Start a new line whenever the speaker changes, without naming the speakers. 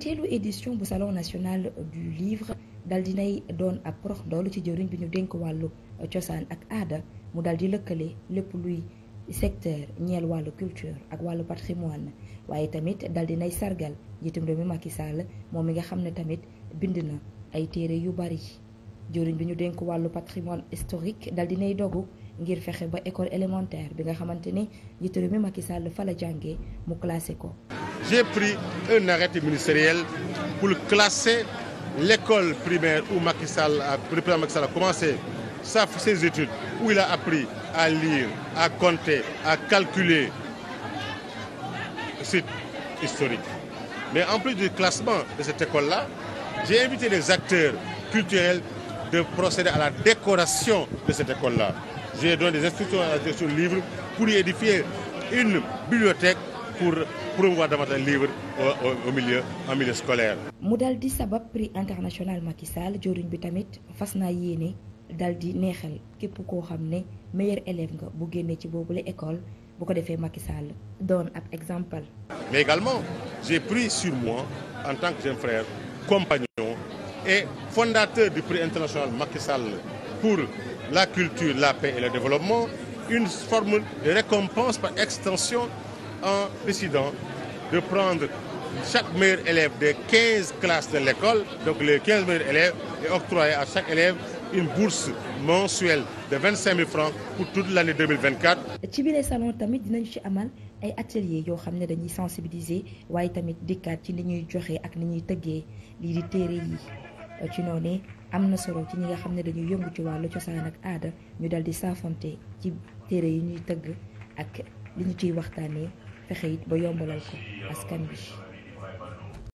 ñetteelu édition bu salon national du livre dal dinay doon ab prox doolu ci jëriñ bi ñu dénk wàllu cosaan ak aada mu dal di lëkkale lépp luy secteur ñeel wàllu culture ak wàllu patrimoine waaye tamit dal dinay sargal njiitum réew mi Macky moom mi nga xam ne tamit bind na ay téere yu bari jëriñ bi ñu dénk wàllu patrimoine historique dal dinay dogu ngir fexe ba école élémentaire bi nga xamante ni njiitu réew mi Macky Sall fa jàngee mu classé ko
j'ai pris un arrêté ministériel pour classer l'école primaire où Macky Sall a, le président commencé ses études, où il a appris à lire, à compter, à calculer. C'est historique. Mais en plus du classement de cette école-là, j'ai invité les acteurs culturels de procéder à la décoration de cette école-là. J'ai donné des instructions à la direction du livre pour édifier une bibliothèque pour promouvoir davantage livre au, au milieu en milieu scolaire.
mu dal di sabab prix international Macky Sall bi tamit fas naa yéene dal di neexal képp koo xam ne meilleur élève nga bu génnee ci boobule école bu ko defee Macky Sall doon ab exemple.
mais également j'ai pris sur moi en tant que jeune frère compagnon et fondateur du prix international Macky pour la culture la paix et le développement une forme de récompense par extension en décidant de prendre chaque meilleur élève de 15 classes de l'école, donc les 15 meilleurs élèves, et octroyer à chaque élève une bourse mensuelle de 25 000 francs pour toute l'année 2024.
ci biir salon tamit dinañu ci amal ay ateliers yoo xam ne dañuy sensibiliser waaye tamit dikkaat ci li ñuy joxe ak li ñuy tëggee lii di téere yi ci noonu am na solo ci ñi nga xam ne dañuy yëngu ci wàllu cosaan ak aada ñu dal di saafonte ci téere yi ñuy tëgg ak ciy waxtaanee. pexe it ba yombalal ko askan bi